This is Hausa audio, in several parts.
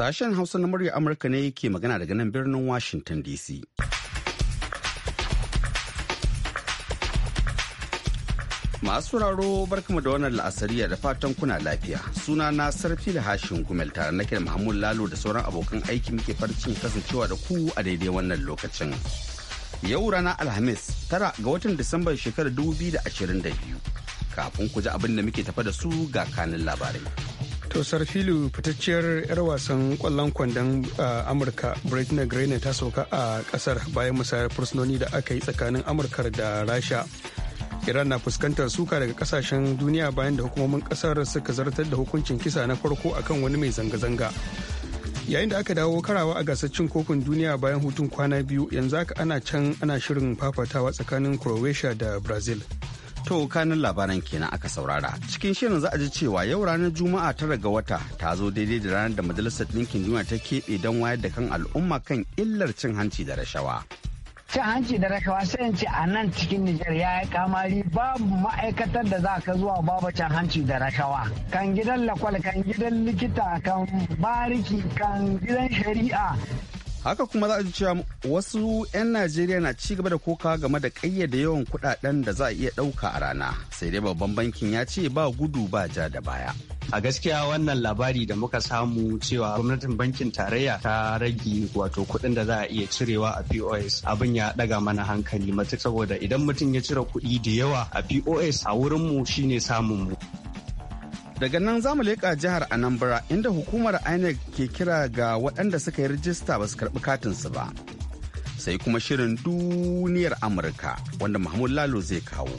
Sashen Hausa na murya Amurka ne ke magana daga nan birnin Washington DC. Masu sauraro barkama da wannan la'asariya da fatan kuna lafiya. Suna na sarfi da hashin gumel tare na kira mahmud Lalo da sauran abokan aiki muke farcin kasancewa da ku a daidai wannan lokacin. Yau rana Alhamis tara ga watan Disambar shekarar 2022. Kafin ku ji abin da muke tafa da su ga kanin labarai. to sarfilu fitacciyar 'yar wasan kwallon kwandon amurka britney greene ta sauka a kasar bayan musayar fursunoni da aka yi tsakanin amurkar da rasha iran na fuskantar suka daga kasashen duniya bayan da hukumomin kasar suka zartar da hukuncin kisa na farko akan wani mai zanga-zanga yayin da aka dawo karawa a gasar cin kofin duniya bayan hutun kwana biyu yanzu haka ana can ana shirin fafatawa tsakanin croatia da brazil To kanin labaran kenan aka saurara. Cikin shirin za a ji cewa yau ranar Juma'a tara ga wata ta zo daidai da ranar da Majalisar Ɗinkin Duniya ta keɓe don wayar da kan al'umma kan illar cin hanci da rashawa. Cin hanci da rashawa sai ce a nan cikin Nijar ya yi kamari babu ma'aikatar da za ka zuwa babu cin hanci da rashawa. Kan gidan lakwal, kan gidan likita, kan bariki, kan gidan shari'a. haka kuma za a ji cewa wasu 'yan najeriya na ci gaba da koka game da ƙayyade yawan kudaden da za a iya ɗauka a rana sai dai babban bankin ya ce ba gudu ba ja da baya a gaskiya wannan labari da muka samu cewa gwamnatin bankin tarayya ta rage wato kuɗin da za a iya cirewa a pos abin ya ɗaga mana hankali matuƙa saboda idan mutum ya cire kuɗi da yawa a pos a wurinmu shine samun mu daga nan za mu leƙa jihar anambra inda hukumar inec ke kira ga waɗanda suka yi rijista ba su karɓi katinsu ba sai kuma shirin duniyar amurka wanda mahmud lalo zai kawo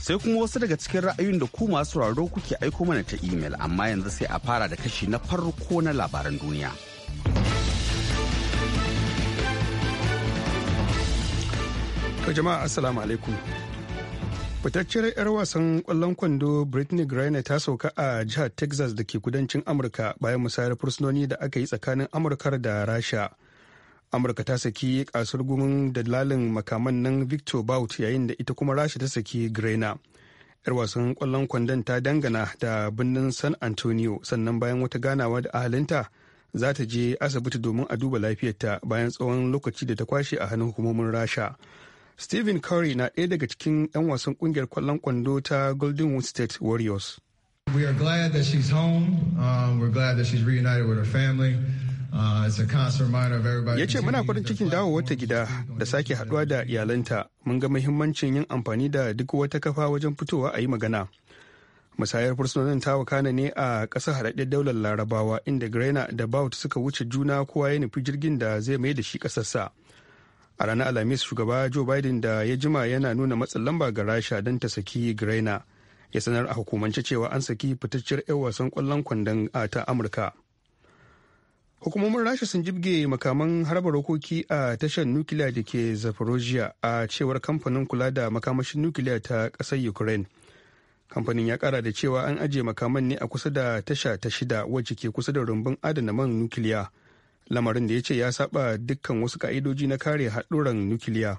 sai kuma wasu daga cikin ra'ayoyin da ku masu raro kuke aiko mana ta imel amma yanzu sai a fara da kashi na farko na labaran duniya jama'a asalamu alaikum fitacciyar 'yar wasan kwallon kwando britney griner ta sauka a jihar texas da ke kudancin amurka bayan musayar fursunoni da aka yi tsakanin amurka da rasha amurka ta saki kasar gumin dalalin makaman nan victor bout yayin da ita kuma rasha ta saki griner 'yar wasan kwallon kwandon ta dangana da birnin san antonio sannan bayan wata ganawa da ahalinta za ta je asibiti domin a duba lafiyarta bayan tsawon lokaci da ta kwashe a hannun hukumomin rasha Stephen Curry na ɗaya daga cikin 'yan wasan ƙungiyar kwallon kwando ta Golden Wood State Warriors. We are glad that she's home. Um, we're glad that she's reunited with her family. Uh, ya ce muna farin cikin dawo wata gida da sake haduwa da iyalanta mun ga muhimmancin yin amfani da duk wata kafa wajen fitowa a yi magana musayar fursunonin ta wakana ne a ƙasar haɗaɗɗen daular larabawa inda graina da bout suka wuce juna kowa ya nufi jirgin da zai mai da shi ƙasarsa a ranar alhamis shugaba joe biden da ya jima yana nuna matsin lamba ga rasha don ta saki graina ya sanar a hukumance cewa an saki fitacciyar 'yan wasan kwallon kwandon ta amurka hukumomin rasha sun jibge makaman harba rokoki a tashar nukiliya da ke zaporozhia a cewar kamfanin kula da makamashin nukiliya ta ƙasar ukraine kamfanin ya kara da cewa an ajiye makaman ne a kusa da tasha ta shida wacce ke kusa da rumbun adana man nukiliya lamarin da ya ce ya saba dukkan wasu ka'idoji na kare haɗuran nukiliya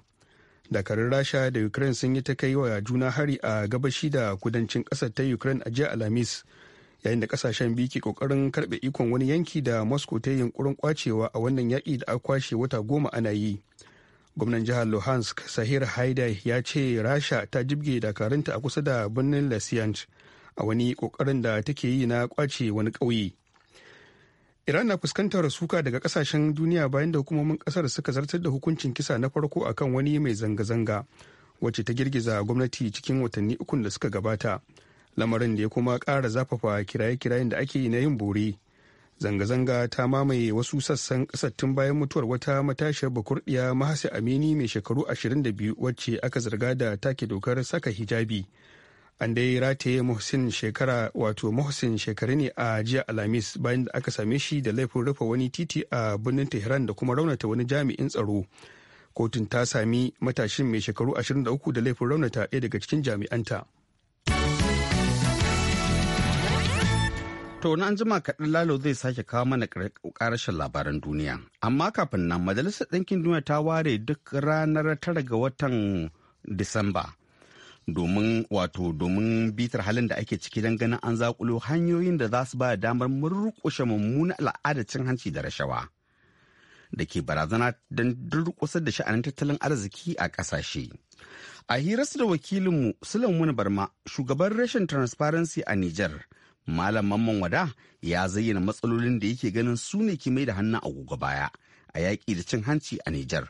dakarun rasha da ukraine sun yi ta kai wa juna hari a gabashi da kudancin ƙasar ta ukraine a jiya alhamis yayin da ƙasashen biyu ke ƙoƙarin karɓe ikon wani yanki da moscow ta yi yunkurin kwacewa a wannan yaƙi da aka kwashe wata goma ana yi gwamnan jihar luhansk sahir haidai ya ce rasha ta jibge dakarunta a kusa da birnin lasiyansk a wani kokarin da take yi na kwace wani ƙauye Iran na fuskantar suka daga kasashen duniya bayan da hukumomin kasar suka zartar da hukuncin kisa na farko akan wani mai zanga-zanga wacce ta girgiza gwamnati cikin watanni ukun da suka gabata. Lamarin da ya kuma ƙara zafafa kiraye-kirayen da ake na yin bore. Zanga-zanga ta mamaye wasu sassan ƙasar tun bayan mutuwar wata matashiyar bakurɗiya Mahasi Amini mai shekaru 22 wacce aka zarga da take dokar saka hijabi. an dai rataye muhsin shekara wato muhsin shekaru ne a jiya alhamis bayan da aka same shi da laifin rufe wani titi a birnin tehran da kuma raunata wani jami'in tsaro kotun ta sami matashin mai shekaru 23 da laifin raunata ɗaya daga cikin jami'anta to na anjima kaɗan lalo zai sake kawo mana ƙarashin labaran duniya amma kafin nan majalisar ɗinkin duniya ta ware duk ranar tara ga watan disamba domin wato domin bitar halin da ake ciki don ganin an zakulo hanyoyin da za su ba damar murƙushe mummunan al'adar cin hanci da rashawa da ke barazana don durƙusar da sha'anin tattalin arziki a ƙasashe. A hirarsu da wakilinmu Sulaimun Barma, shugaban rashin transparency a Nijar, Malam Mamman Wada ya zayyana matsalolin da yake ganin su ne ke mai da a agogo baya a yaƙi da cin hanci a Nijar.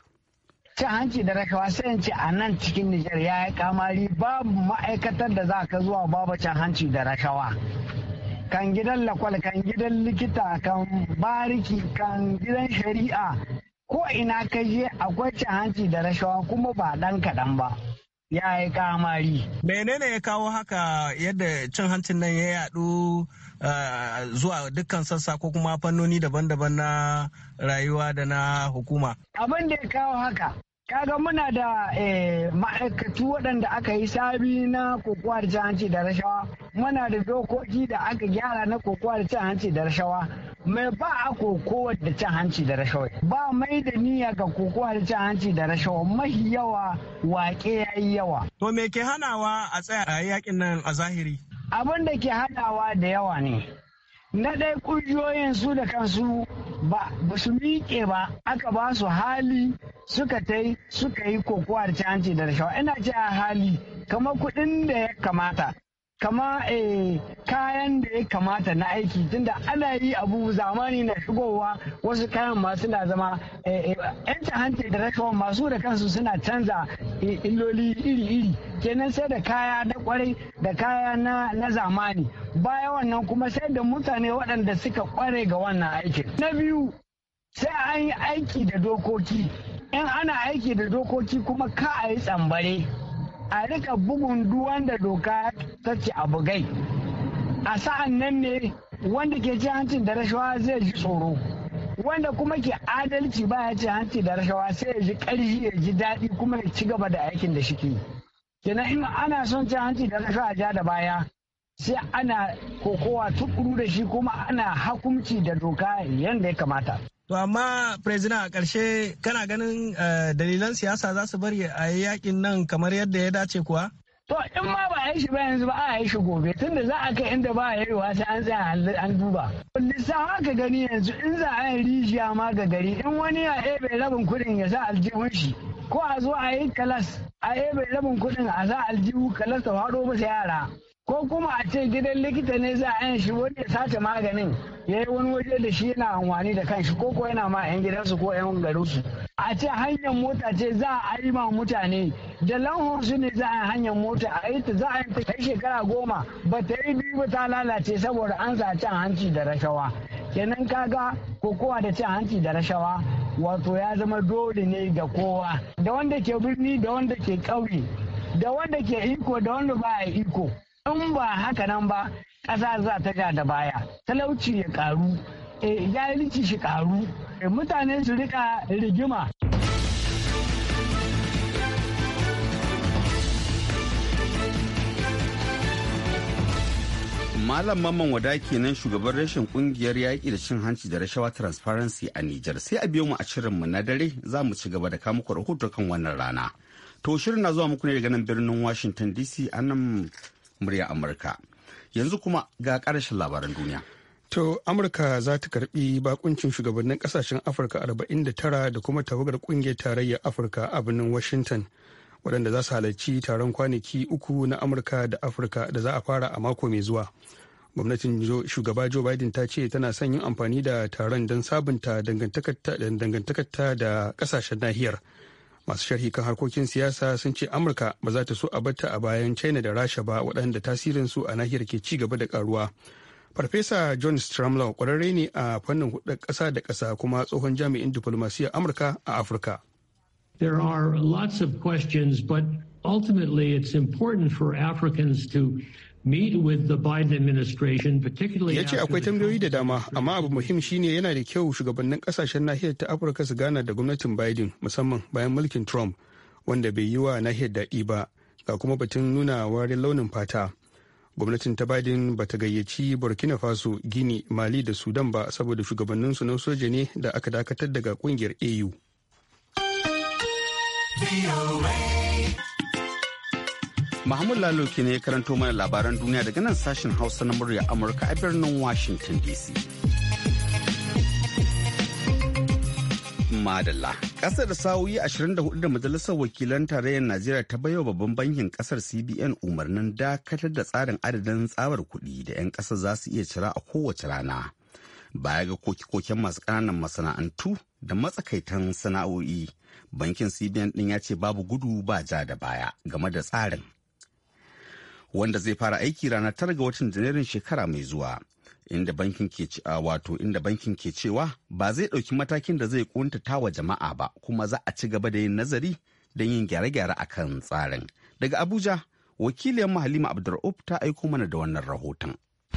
cin hanci da rashawa sai ce a nan cikin Nijar ya yi kamari babu ma'aikatar da za ka zuwa babu cin hanci da rakawa. Kan gidan lakwal, kan gidan likita, kan bariki, kan gidan shari'a, ko ina ka je akwai cin hanci da rashawa kuma ba dan kaɗan ba. Ya yi kamari. Menene ya kawo haka yadda cin hancin nan ya yaɗu eh, zuwa dukkan sassa ko kuma fannoni daban-daban na rayuwa da na hukuma. Abin da ya kawo haka kaga muna da eh, ma'aikatu waɗanda aka yi sabi na kokowa da hanci da rashawa muna da dokoki da aka gyara na kokowa da cin hanci da rashawa mai ba a kokowa da cin hanci da rashawa ba mai da niyya ga kokowa da cin hanci da rashawa mahi yawa wake ya yi yawa. to me ke hanawa a tsaya a yakin nan a zahiri. abin da ke hanawa da yawa ne na ɗaya ƙungiyoyin su da kansu ba su miƙe ba aka ba su hali suka tai suka yi kokowa da da rashawa ina ce hali kamar kuɗin da ya kamata kama eh, kayan da ya kamata na aiki tunda ana yi abu zamani na shigowa wasu kayan masu na zama eh, eh, yanci hanci da rashawa masu da kansu suna canza illoli iri-iri kenan sai da kaya na kwarai da kaya na zamani baya wannan kuma sai da mutane waɗanda suka kware ga wannan aikin na biyu sai an yi aiki da dokoki in ana aiki da dokoki kuma ka a yi tsambare a rika bugun duwanda doka ta ce abu gai a sa'an nan ne wanda ke ci hancin da rashawa zai ji tsoro wanda kuma ke adalci ba ya ci hanci da rashawa sai ya ji ƙarfi ya ji daɗi kuma ya ci gaba da aikin da shi ke kenan in ana son ci hanci da rashawa ja da baya sai ana kokowa tukuru da shi kuma ana hakumci da doka yadda ya kamata To amma president a ƙarshe kana ganin eh, dalilan siyasa za su bari a yi yakin nan kamar yadda ya dace kuwa? To in ma ba a yi shi ba yanzu ba a yi shi gobe tunda za a kai inda ba a yi an tsaya an duba. Lissa haka gani yanzu in za a yi rijiya ma ga gari in wani ya ebe rabin kuɗin ya sa aljihun shi ko a zo a yi kalas a ebe rabin kuɗin a sa aljihu kalas ta faɗo masa yara. ko kuma a ce gidan likita ne za a yin shi wani ya sace maganin ya yi wani waje da shi yana amfani da kanshi ko ko yana ma 'yan gidansu ko 'yan garinsu a ce hanyar mota ce za a yi ma mutane da lanhon su ne za a hanyar mota a yi ta za a yi ta kai shekara goma ba ta yi biyu ba ta lalace saboda an sa cin hanci da rashawa kenan kaga kokowa da cin hanci da rashawa wato ya zama dole ne ga kowa da wanda ke birni da wanda ke ƙauye da wanda ke iko da wanda ba iko in ba haka nan ba ƙasa za ta ja da baya talauci ya karu eh, jahilci shi karu eh, mutane su rika rigima Malam Mamman Wada kenan shugaban rashin kungiyar yaƙi da cin hanci da rashawa transparency a Nijar sai a biyo mu a shirinmu na dare za mu ci gaba da kamu rahoto kan wannan rana. To shirin na zuwa muku ne daga nan birnin Washington DC a nan muryar Amurka. Yanzu kuma ga ƙarshen labaran duniya. To Amurka za ta karbi bakuncin shugabannin ƙasashen Afirka 49 da kuma tawagar ƙungiyar tarayyar Afirka a birnin Washington waɗanda za su halarci taron kwanaki uku na Amurka da Afirka da za a fara a mako mai zuwa. Gwamnatin shugaba Joe Biden ta ce tana son yin amfani da taron don sabunta dangantakarta da ƙasashen nahiyar. masu sharhi kan harkokin siyasa sun ce amurka ba za ta so a batta a bayan china da rasha ba waɗanda tasirinsu a nahiyar ke ci gaba da karuwa farfesa john stramlow kwararre ne a fannin hudu ƙasa da ƙasa kuma tsohon jami'in diplomasiya amurka a afirka There are lots of questions, but ultimately it's important for Africans to ya ce akwai tambayoyi da dama amma abu muhim shine yana da kyau shugabannin kasashen nahiyar ta afirka su gana da gwamnatin biden musamman bayan mulkin trump wanda bai yi wa nahiyar daɗi ba ga kuma batun nuna warin launin fata gwamnatin ta biden ba ta gayyaci burkina faso gini mali da sudan ba saboda shugabannin su na soja ne da aka dakatar daga kungiyar au Mahmud Lalo ke ne ya karanto mana labaran duniya daga nan sashen Hausa na murya Amurka a birnin Washington DC. Madalla. Ƙasar da sa'o'i 24 da Majalisar Wakilan Tarayyar Najeriya ta bayo babban bankin ƙasar CBN umarnin dakatar da tsarin adadin tsabar kuɗi da 'yan kasa za su iya cira a kowace rana. baya ga koke-koken masu ƙananan masana'antu da matsakaitan sana'o'i bankin cbn ɗin ya ce babu gudu ba ja da baya game da tsarin wanda zai fara aiki ranar tara ga watan janairun shekara mai zuwa inda bankin ke ah, wato inda bankin ke cewa ba zai ɗauki matakin da zai kuntata wa jama'a ba kuma za a ci gaba da yin nazari don yin gyare-gyare akan tsarin daga abuja wakiliyar halima abdur'uf ta aiko mana da wannan rahoton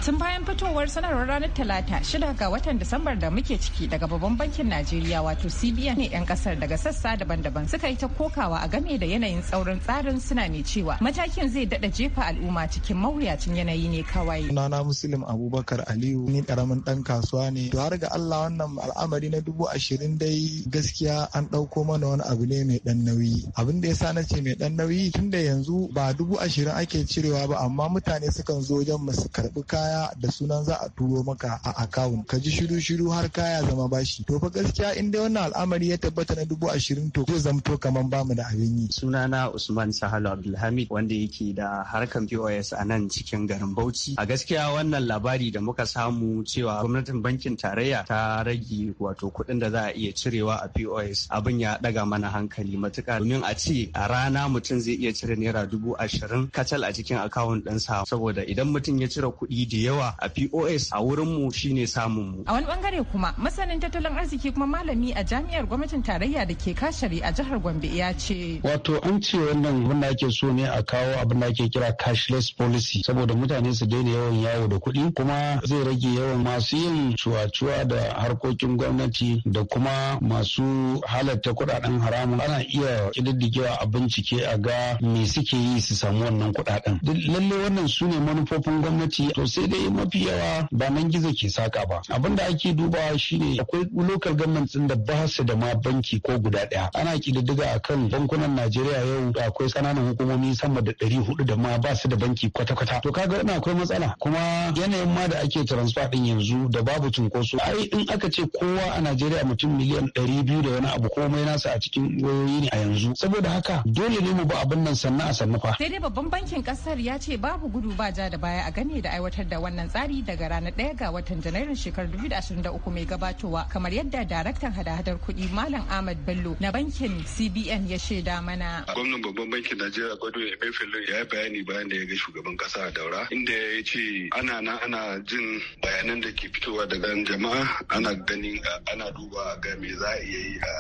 Tun bayan fitowar sanarwar ranar Talata shida ga watan Disambar da muke ciki daga babban bankin Najeriya wato CBN ne 'yan kasar daga sassa daban-daban suka yi ta kokawa a game da yanayin tsaurin tsarin suna mai cewa matakin zai dada jefa al'umma cikin mawuyacin yanayi ne kawai. Sunana musulun Abubakar Aliyu ni karamin dan kasuwa ne. To har ga Allah wannan al'amari na dubu ashirin dai gaskiya an ɗauko mana wani abu ne mai ɗan nauyi. Abin da ya sa na ce mai ɗan nauyi tunda yanzu ba dubu ashirin ake cirewa ba amma mutane sukan zo wajen masu su karɓi kaya da sunan za a turo maka a akawun ka ji shiru shiru har kaya zama bashi to fa gaskiya in dai wannan al'amari ya tabbata na dubu ashirin to zai zamto kamar bamu da abin yi sunana usman sahalo abdulhamid wanda yake da harkan pos a nan cikin garin bauchi a gaskiya wannan labari da muka samu cewa gwamnatin bankin tarayya ta rage wato kuɗin da za a iya cirewa a pos abin ya ɗaga mana hankali matuƙa domin a ce a rana mutum zai iya cire naira dubu ashirin kacal a cikin akawun ɗinsa saboda idan mutum ya cire kuɗi da yawa a POS a wurin mu shine samun mu. A wani bangare kuma masanin tattalin arziki kuma malami a jami'ar gwamnatin tarayya da ke kashari a jihar Gombe ya ce. Wato an ce wannan abin da ake so ne a kawo abin da ake kira cashless policy saboda mutane su daina yawan yawo da kuɗi kuma zai rage yawan masu yin cuwa-cuwa da harkokin gwamnati da kuma masu halatta kuɗaɗen haramun ana iya ƙididdigewa a bincike a ga me suke yi su samu wannan kuɗaɗen. Lalle wannan su ne manufofin gwamnati sai dai mafi yawa ba nan gizo ke saka ba abin da ake dubawa shine akwai local government din da ba su da ma banki ko guda daya ana kididdiga akan bankunan Najeriya yau akwai kananan hukumomi sama da ɗari hudu da ma ba su da banki kwata-kwata to kaga ina akwai matsala kuma yanayin ma da ake transfer din yanzu da babu cunkoso ai in aka ce kowa a Najeriya mutum miliyan ɗari biyu da wani abu komai nasa a cikin wayoyi ne a yanzu saboda haka dole ne mu ba abin nan sannan a sannu fa sai dai babban bankin kasar ya ce babu gudu ba ja da baya a gane da aiwatar da wannan tsari daga ranar 1 ga watan janairun shekarar 2023 mai gabatowa kamar yadda daraktan hada-hadar kuɗi malam ahmad bello na bankin cbn ya shaida mana gwamnan babban bankin najeriya gwado emefiele ya yi bayani bayan da ya ga shugaban kasa a daura inda ya ce ana na ana jin bayanan da ke fitowa daga jama'a ana ganin ana duba ga me za a iya yi a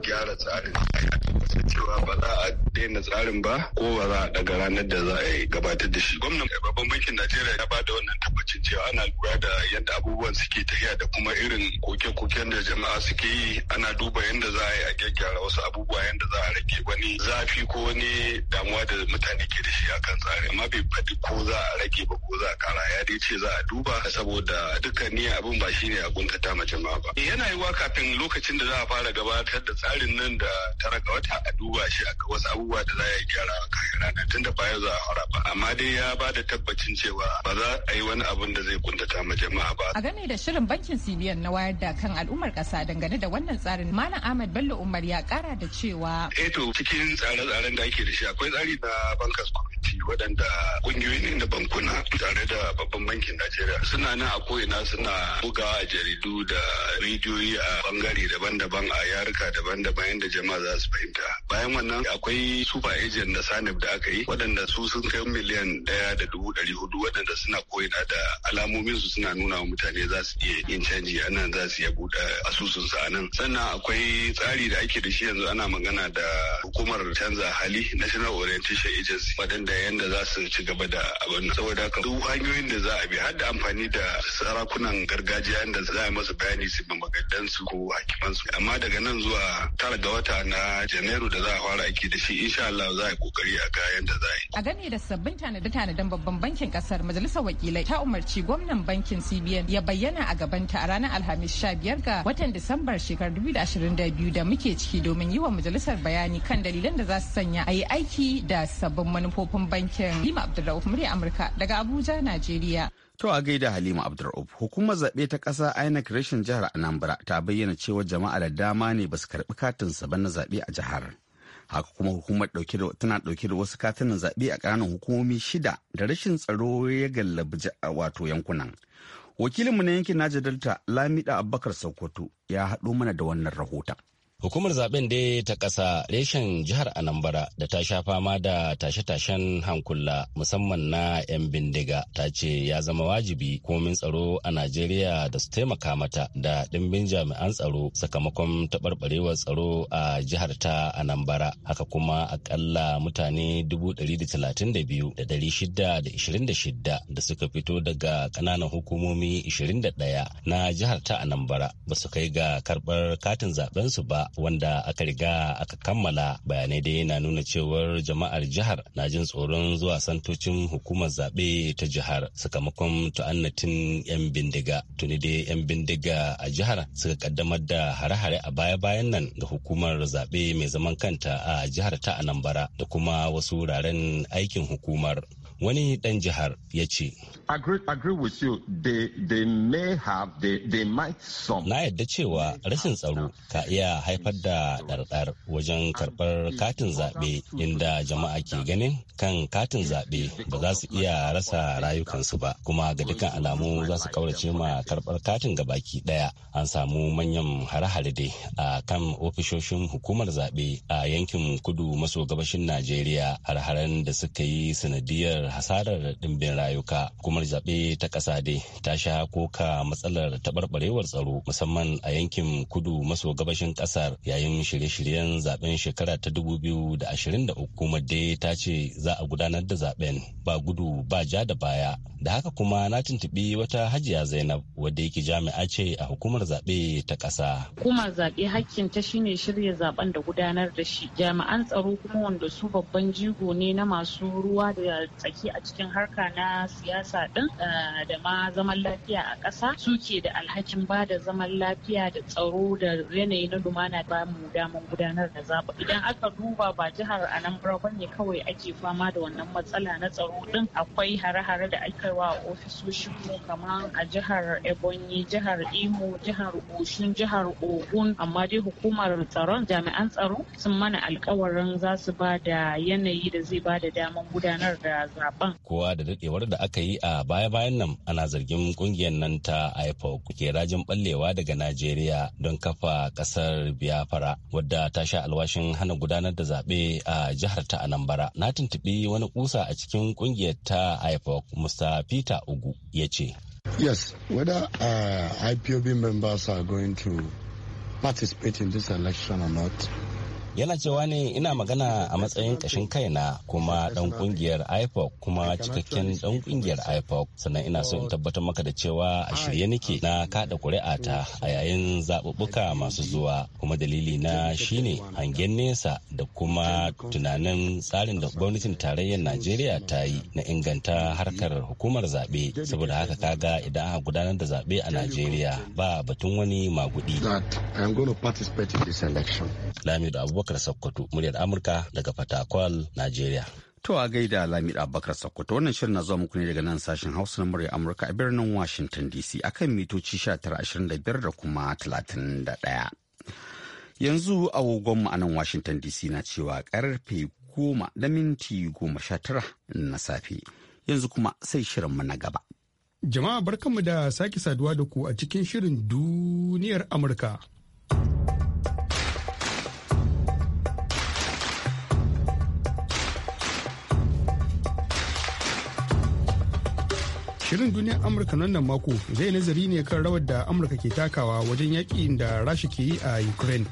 gyara tsarin cewa ba za a daina tsarin ba ko ba za a daga ranar da za a gabatar da shi gwamnan babban bankin najeriya ya ba da wannan tabbacin cewa ana lura da yadda abubuwan suke tafiya da kuma irin koke-koken da jama'a suke yi ana duba yadda za a yi a gyaggyara wasu abubuwa yadda za a rage wani zafi ko wani damuwa da mutane ke da shi a tsari amma bai faɗi ko za a rage ba ko za a kara ya dai ce za a duba saboda dukkan ni abin ba shine a guntata ma jama'a ba yana yiwa kafin lokacin da za a fara gabatar da tsarin nan da tara ga wata a duba shi a wasu abubuwa da za a yi gyara a kan ranar da ba za a fara ba amma dai ya ba da tabbacin cewa ba za a yi wani abun da zai kuntata ma jama'a ba. A game da shirin bankin CBN na wayar da kan al'ummar ƙasa dangane da wannan tsarin Malam ahmed Bello Umar ya kara da cewa. Eto eh cikin tsare-tsaren da ake da shi akwai tsari na bankas committee waɗanda ƙungiyoyin na bankuna tare da babban bankin Najeriya suna nan a ko'ina suna bugawa a jaridu da rediyoyi a bangare daban-daban a yaruka daban-daban yadda jama'a za su fahimta. Bayan wannan akwai super agent na Sanib da aka yi waɗanda su sun kai miliyan ɗaya da dubu ɗari hudu waɗanda suna koyi ko'ina da alamomin su suna nuna wa mutane za su iya yin canji a nan za su iya buɗe asusun su a nan sannan akwai tsari da ake da shi yanzu ana magana da hukumar canza hali national orientation agency waɗanda yanda za su ci gaba da abin saboda haka duk hanyoyin da za a bi har da amfani da sarakunan gargajiya da za a masu bayani su magadan su ko hakiman su amma daga nan zuwa tara ga wata na janairu da za a fara aiki da shi insha Allah za a yi kokari a ga yanda za a yi a gani da sabbin tanadi tanaden babban bankin kasar majalisar wakilai Zulai ta umarci gwamnan bankin CBN ya bayyana a gabanta a ranar Alhamis 15 ga watan Disambar shekarar 2022 da muke ciki domin yi wa majalisar bayani kan dalilan da za su sanya a yi aiki da sabbin manufofin bankin. Lima Abdulrauf murya Amurka daga Abuja, Najeriya. To a gaida Halima Abdulrauf, hukumar zaɓe ta ƙasa INEC rashin jihar Anambra ta bayyana cewa jama'a da dama ne ba su karɓi katin ba na zaɓe a jihar. haka kuma hukumar tana dauke da wasu katunan zaɓe a ƙananan hukumomi shida da rashin tsaro ya gallabi wato yankunan wakilinmu na yankin naja delta lamida abubakar sokoto ya haɗo mana da wannan rahoton Hukumar zaben da ta ƙasa reshen jihar Anambra da ta sha fama da tashe-tashen hankula musamman na 'yan bindiga ta ce ya zama wajibi komin tsaro a Najeriya da su taimaka mata da dimbin jami'an tsaro sakamakon taɓarɓarewar tsaro a jihar ta Anambra. Haka kuma akalla mutane 632,626 da suka fito daga ƙananan hukumomi 21 na jihar ta Anambra ba su kai ga karɓar katin zaben su ba wanda aka riga aka kammala bayanai dai na nuna cewar jama'ar jihar na jin tsoron zuwa santocin hukumar zaɓe ta jihar sakamakon ta'annatin 'yan bindiga tuni dai 'yan bindiga a jihar suka kaddamar da hare-hare a baya-bayan nan ga hukumar zaɓe mai zaman kanta a jihar ta anambara da kuma wasu wuraren aikin hukumar wani dan jihar ya ce. Na yadda cewa rashin tsaro ka iya haifar da ɗarɗar wajen karɓar katin zaɓe inda jama'a ke ganin kan katin zaɓe ba za su iya rasa rayukansu ba kuma ga dukkan alamu za su kaurace ma karɓar katin gabaki ɗaya an samu manyan hare-hare dai a kan ofishoshin hukumar zaɓe a yankin kudu maso gabashin Najeriya har-haren da suka yi sanadiyar matsalar hasarar ɗimbin rayuka hukumar zaɓe ta ƙasa dai ta sha koka matsalar taɓarɓarewar tsaro musamman a yankin kudu maso gabashin ƙasar yayin shirye-shiryen zaben shekara ta 2023 hukumar dai ta ce za a gudanar da zaɓen ba gudu ba ja da baya da haka kuma na tuntuɓi wata hajiya zainab wadda yake jami'a ce a hukumar zaɓe ta ƙasa. hukumar zaɓe hakkin ta shine shirya zaɓen da gudanar da shi jami'an tsaro kuma wanda su babban jigo ne na masu ruwa da baki a cikin harka na siyasa din eh, da ma zaman lafiya a ƙasa suke da alhakin ba da zaman lafiya da tsaro da yanayi na lumana ba mu damar gudanar da zaɓa idan aka duba ba jihar anambra ba ne kawai ake fama da wannan matsala na tsaro din akwai hare-hare da aka wa ofisoshin mu kamar a jihar ebonyi jihar imo jihar oshun jihar ogun amma dai hukumar tsaron jami'an tsaro sun mana alkawarin za su ba da yanayi da zai ba da damar gudanar da zaɓa zaben. Kowa da dadewar da aka yi a baya-bayan nan ana zargin kungiyar nan ta IPOC ke rajin ballewa daga Najeriya don kafa kasar Biafra wadda ta sha alwashin hana gudanar da zaɓe a jihar ta Anambra. Na tuntuɓi wani kusa a cikin kungiyar ta IPOC Mr. Peter Ugu ya ce. Yes, whether uh, IPOB members are going to participate in this election or not, yana cewa ne ina magana a matsayin kashin kaina kuma dan kungiyar ipoc kuma cikakken dan kungiyar ipoc sannan ina so in tabbatar maka da cewa a shirye nake na kada ta a yayin zaɓuɓɓuka masu zuwa kuma dalili na shine hangen nesa da kuma tunanin tsarin da gwamnatin tarayyar najeriya ta yi na inganta harkar hukumar zaɓe saboda haka kaga idan aka gudanar da zaɓe a najeriya ba batun wani magudi lamido abubakar Abubakar Sokoto muryar Amurka daga Fatakwal, Najeriya. To a gaida Lamida Abubakar Sokoto wannan shirin na zuwa muku ne daga nan sashen Hausa na muryar Amurka a birnin Washington DC akan mitoci 1925 da kuma 31. Yanzu agogonmu a nan Washington DC na cewa karfe goma da minti goma sha tara na safe. Yanzu kuma sai shirinmu na gaba. Jama'a barkanmu da sake saduwa da ku a cikin shirin duniyar Amurka. Shirin duniyar Amurka nan mako zai nazari ne kan rawar da Amurka ke takawa wajen yaƙi da Rasha ke yi a Ukraine.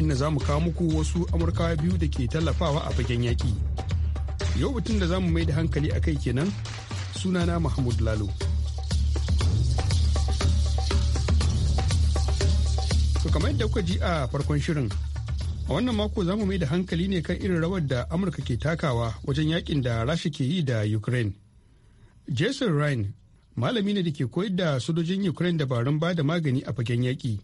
Inda za mu kawo muku wasu Amurkawa biyu da ke tallafawa a fagen yaƙi. Yau batun da za mu mai da hankali a kai kenan sunana Mahmud Lalo. To kamar yadda kuka ji a farkon shirin a wannan mako za mu mai da hankali ne kan irin rawar da amurka ke takawa wajen yakin da rasha ke yi da ukraine jason ryan malami ne da ke koyar da sojojin ukraine dabarun bada magani a fagen yaƙi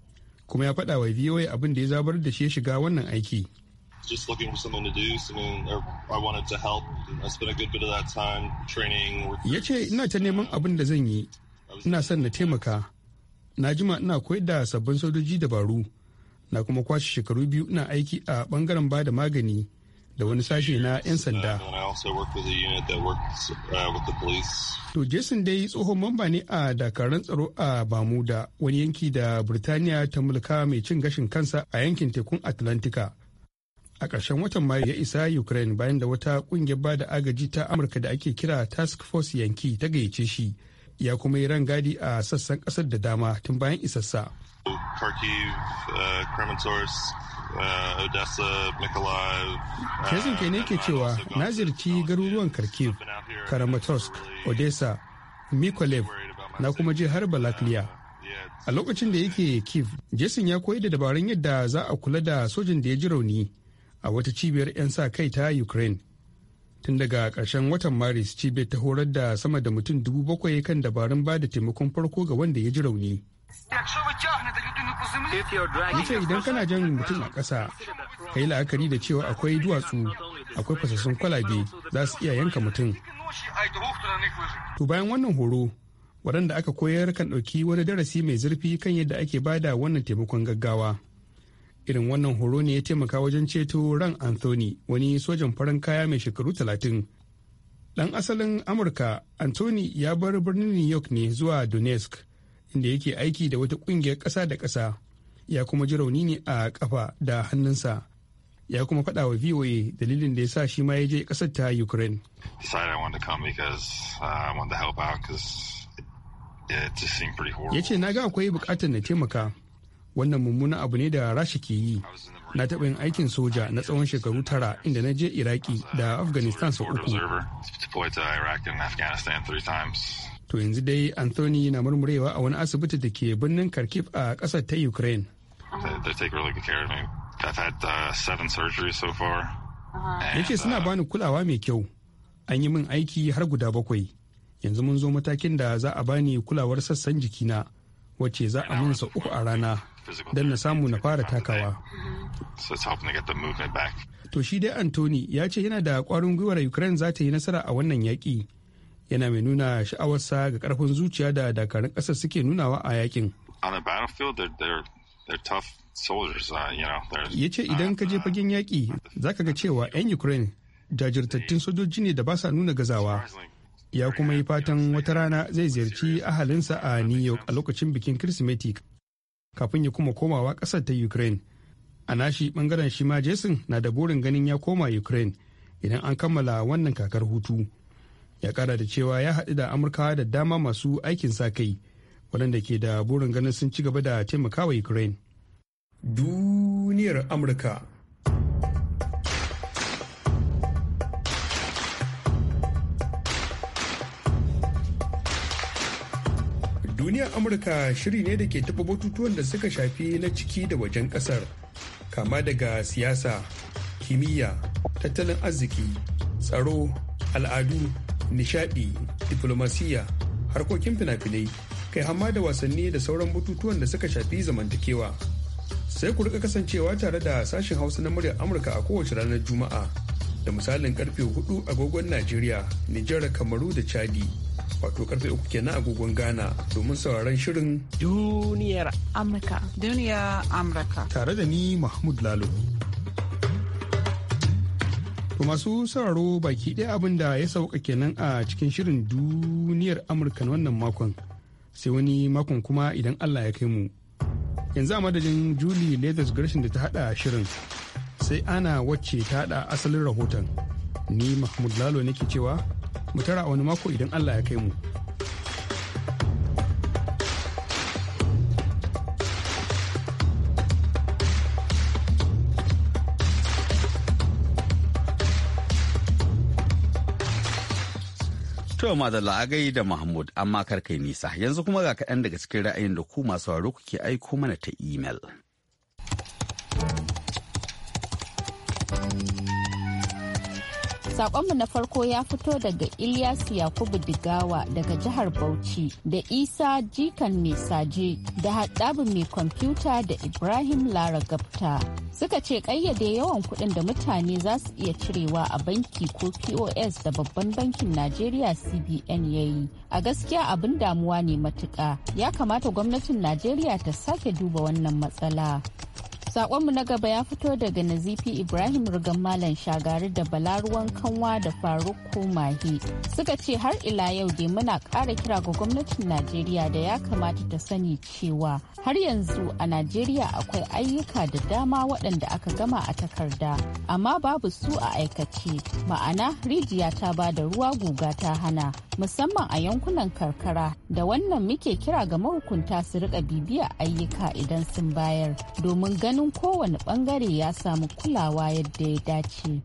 kuma ya faɗa wa voa abin da ya zabar da shi ya shiga wannan aiki just looking for someone to do, or I wanted to help. I spent a good bit of that time training. Ya ce ina ta neman abin da zan yi, ina son na taimaka. Na jima ina koyar da sabbin sojoji dabaru, na kuma kwashe shekaru biyu ina aiki a bangaren ba da magani da wani sashe na 'yan sanda. Uh, to Jason dai tsohon mamba ne a dakarun tsaro a Bamuda wani yanki da Birtaniya ta mulka mai cin gashin kansa a yankin tekun Atlantika. A ƙarshen watan Mayu ya isa Ukraine bayan da wata ƙungiyar ba da agaji ta Amurka da ake kira Task Force yanki ta gayyace shi ya kuma yi rangadi a sassan ƙasar da dama tun bayan isassa. Kharkiv, uh, Kremensorsk, uh, Odessa, Kezin ke ne ke cewa na zirci garuruwan Kharkiv, Kramatorsk, Odessa, Mykolaiv na kuma je har Balaklia. Uh, a lokacin da yake Kiev, Jason ya koyi da dabarun yadda za a kula da sojin da ya ji rauni a wata cibiyar 'yan sa kai ta Ukraine. tun daga ƙarshen watan maris cibiyar ta horar da sama da mutum dubu bakwai kan dabarun ba da taimakon farko ga wanda ya ji rauni yace idan kana jan mutum a ƙasa ka yi la'akari da cewa akwai duwatsu akwai fasassun kwalabe za su iya yanka mutum to bayan wannan horo waɗanda aka koyar kan ɗauki wani darasi mai zurfi kan yadda ake ba da wannan taimakon gaggawa irin wannan horo ne ya taimaka wajen ceto ran anthony wani sojan farin kaya mai shekaru talatin ɗan asalin amurka anthony ya bar birnin new york ne zuwa donetsk inda yake aiki da wata kungiyar ƙasa da ƙasa ya kuma ji rauni ne a ƙafa da hannunsa ya kuma faɗa wa VOA dalilin da ya sa shi ma ya je ƙasar ta Ukraine. Uh, ya ce na ga akwai buƙatar na taimaka wannan mummunan abu ne da rashi ke yi na taɓa yin aikin soja na tsawon shekaru tara inda na je iraki da afghanistan sau uku to yanzu dai anthony na murmurewa a wani asibiti da ke birnin kharkiv a ƙasar ta ukraine uh, yace suna uh, bani kulawa mai kyau an yi min aiki har guda bakwai yanzu mun zo matakin da za a bani kulawar sassan jikina wacce za a minsa uku a rana don na samu na fara takawa. To shi dai Anthony ya ce yana da kwarin gwiwar Ukraine za ta yi nasara a wannan yaƙi yana mai nuna sha'awarsa ga karfin zuciya da dakarun ƙasar suke nunawa a yakin. Uh, ya ce idan ka je fagen yaƙi za ka ga cewa 'yan Ukraine jajirtattun sojoji ne da ba sa nuna gazawa. Ya kuma yi fatan wata rana zai ziyarci ahalinsa a New York a lokacin bikin Kirsimeti kafin ya kuma komawa ƙasar ta Ukraine. A nashi bangaren shi ma Jason na da burin ganin ya koma Ukraine idan an kammala wannan kakar hutu. ya kara da cewa ya haɗu da amurka da dama masu aikin sa kai waɗanda ke da burin ganin sun ci gaba da taimakawa ukraine duniyar amurka duniyar amurka shiri ne da ke taɓa batutuwan da suka shafi na ciki da wajen ƙasar kama daga siyasa kimiyya tattalin arziki tsaro al'adu nishadi diplomasiya harkokin fina-finai kai hama da wasanni da sauran bututuwan da suka shafi zamantakewa sai ku rika kasancewa tare da sashen hausa na muryar amurka a kowace ranar juma'a da misalin karfe 4 agogon najeriya nijar kamaru da chadi wato karfe 3 kenan agogon ghana domin sauraron shirin duniyar amurka duniyar amurka tare da ni mahmud lalo To masu sauraro baki ɗaya abin da ya sauka kenan a cikin shirin duniyar Amurka na wannan makon. Sai wani makon kuma idan Allah ya kai mu. Yanzu a madadin Julie Leathers Gershon da ta haɗa shirin. Sai ana wacce ta haɗa asalin rahoton. Ni Mahmud Lalo nake cewa mu tara wani mako idan Allah ya kai mu. Yau ma da la'agai da Mahmud amma kar kai nisa yanzu kuma ga kaɗan daga cikin ra'ayin da ku masu sauraro kuke aiko mana ta imel. Sakonmu na farko ya fito daga Ilyasu Yakubu Digawa daga jihar Bauchi da Isa Jikan Mesaje da Haɗabu mai kwamfuta da Ibrahim Lara Gapta. Suka ce ƙayyade yawan kuɗin da mutane za su iya cirewa a banki ko POS da babban bankin Najeriya CBN ya yi. A gaskiya abin damuwa ne matuka Ya kamata gwamnatin Najeriya ta sake duba wannan matsala. Sakonmu na gaba ya fito daga Nazifi Ibrahim Rugan Malam Shagari da Balaruwan Kanwa da Faruk komahi Suka ce har ila yau dai muna ƙara kira ga gwamnatin Najeriya da ya kamata ta sani cewa har yanzu a Najeriya akwai ayyuka da dama waɗanda aka gama a takarda, amma babu su a aikace. Ma'ana rijiya ta ba da ruwa guga ta hana, musamman a yankunan karkara. Da wannan muke kira ga mahukunta su riƙa bibiya ayyuka idan sun bayar domin ganin ganin kowane bangare ya samu kulawa yadda ya dace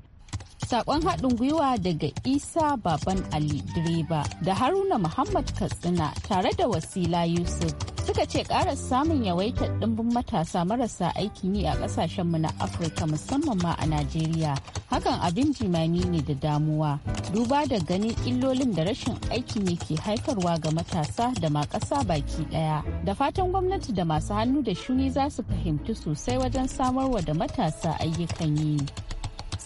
Sakon haɗin gwiwa daga Isa Baban Ali Direba da Haruna Muhammad Katsina tare da Wasila Yusuf suka ce ƙara samun yawaitar ɗimbin matasa marasa aikin yi a ƙasashenmu na Afirka musamman ma a Najeriya. Hakan abin jimani ne da damuwa. Duba da ganin illolin da rashin aiki ne ke haifarwa ga matasa da ma ƙasa baki ɗaya. Da fatan gwamnati da masu hannu da shuni za su fahimci sosai wajen samarwa da matasa ayyukan yi.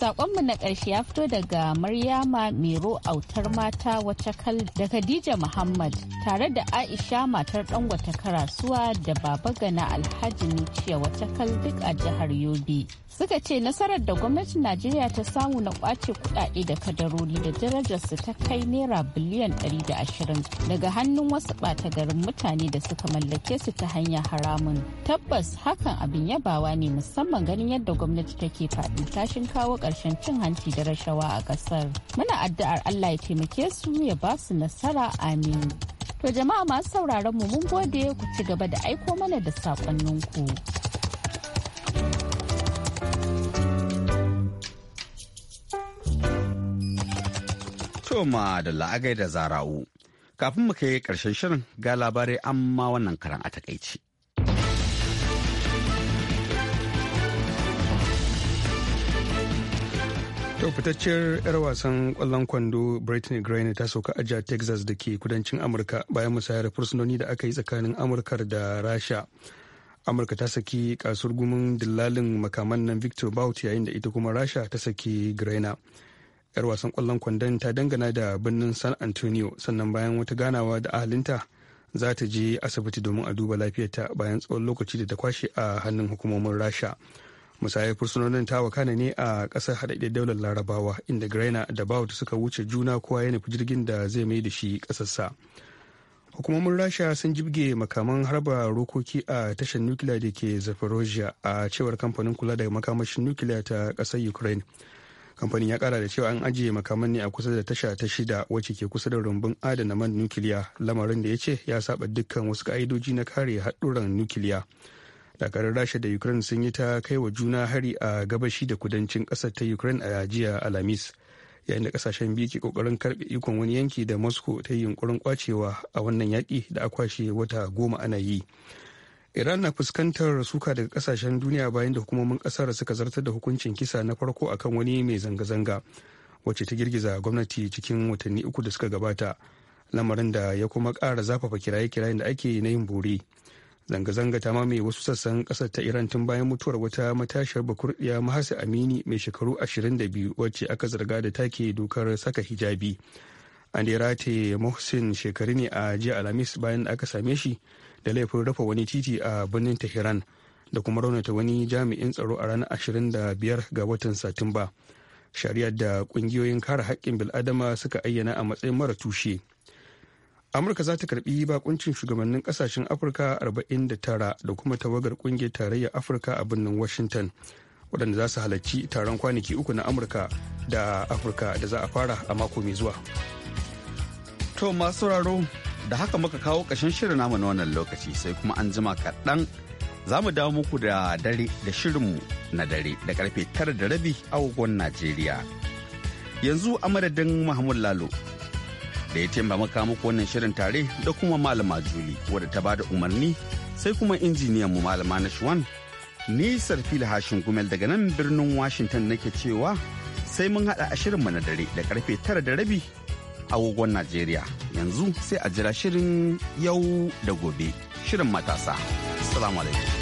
Sakonmu na ƙarshe ya fito daga Maryama Mero autar mata wata kal da Khadija Muhammad tare da Aisha matar ɗan wata karasuwa da Baba Gana Alhaji Nuciya wata kal duk a jihar Yobe. suka ce nasarar da gwamnatin najeriya ta samu na kwace kudade da kadaroli da darajar su ta kai naira biliyan 120 daga hannun wasu bata garin mutane da suka mallake su ta hanya haramun tabbas hakan abin yabawa ne musamman ganin yadda gwamnati take faɗi tashin kawo ƙarshen cin hanci da rashawa a ƙasar muna addu'ar allah ya taimake su ya ba su nasara amin to jama'a masu sauraron mu mun gode ku ci gaba da aiko mana da saƙonninku. To da la'agai da zara'u. Kafin mu kai ƙarshen shirin ga labarai amma wannan karan a takaici. To fitacciyar 'yar wasan kwallon kwando Brittany Griner ta sauka a Texas da ke kudancin Amurka bayan musayar fursunoni da aka yi tsakanin Amurka da Rasha. Amurka ta saki kasuwar gumin dillalin makaman nan Victor Bout yayin da ita kuma Rasha ta saki Griner. 'yar wasan kwallon kwandon ta dangana da birnin san antonio sannan bayan wata ganawa da ahalinta za ta je asibiti domin a duba lafiyarta bayan tsawon lokaci da ta kwashe a hannun hukumomin rasha musayar fursunonin ta wakana ne a ƙasar haɗaɗɗiyar daular larabawa inda graina da baut suka wuce juna kowa ya nufi jirgin da zai mai da shi ƙasarsa hukumomin rasha sun jibge makaman harba rokoki a tashar nukiliya da ke zaporozhia a cewar kamfanin kula da makamashin nukiliya ta ƙasar ukraine kamfanin ya kara da cewa an ajiye makaman ne a kusa da tasha ta shida wacce ke kusa da rumbun adana man nukiliya lamarin da ya ce ya saba dukkan wasu ka'idoji na kare haɗuran nukiliya dakarar rasha da ukraine sun yi ta kai wa juna hari a gabashi da kudancin ƙasar ta ukraine a jiya alhamis yayin da ƙasashen biyu ke kokarin karbe ikon wani yanki da moscow ta yi yunkurin kwacewa a wannan yaki da akwashe wata goma ana yi iran na fuskantar suka daga kasashen duniya bayan da hukumomin kasar suka zartar da hukuncin kisa na farko akan wani mai zanga-zanga wacce ta girgiza gwamnati cikin watanni uku da suka gabata lamarin da ya kuma kara zafafa kiraye-kirayen da ake na yin bore zanga-zanga ta mamaye wasu sassan ƙasar ta iran tun bayan mutuwar wata matashiyar bakurdiya mahasi amini mai shekaru ashirin da biyu wacce aka zarga da take dokar saka hijabi an da rataye mohsin shekaru ne a jiya alhamis bayan da aka same shi da laifin rufe wani titi a birnin tehran da kuma raunata wani jami'in tsaro a ranar 25 ga watan satumba shari'ar da kungiyoyin kare haƙƙin bil'adama suka ayyana a matsayin mara tushe amurka za ta karbi bakuncin shugabannin kasashen afirka 49 da kuma tawagar kungiyar tarayyar afirka a birnin washington waɗanda za su halarci taron kwanaki uku na amurka da afirka da za a fara a mako mai zuwa to masu sauraro da haka muka kawo ƙashin shirin namu na wannan lokaci sai kuma an jima kaɗan za mu dawo muku da dare da shirinmu na dare da karfe tara da rabi agogon Najeriya. Yanzu a madadin Mahmud Lalo da ya taimaka muku wannan shirin tare da kuma malama Juli wadda ta ba da umarni sai kuma injiniyan mu malama na Shuwan. Ni Sarfil Hashin Gumel daga nan birnin Washington nake cewa sai mun haɗa a shirinmu na dare da karfe tara da rabi agogon Najeriya. Yanzu sai a jira shirin yau da gobe. Shirin matasa. Assalamu alaikum.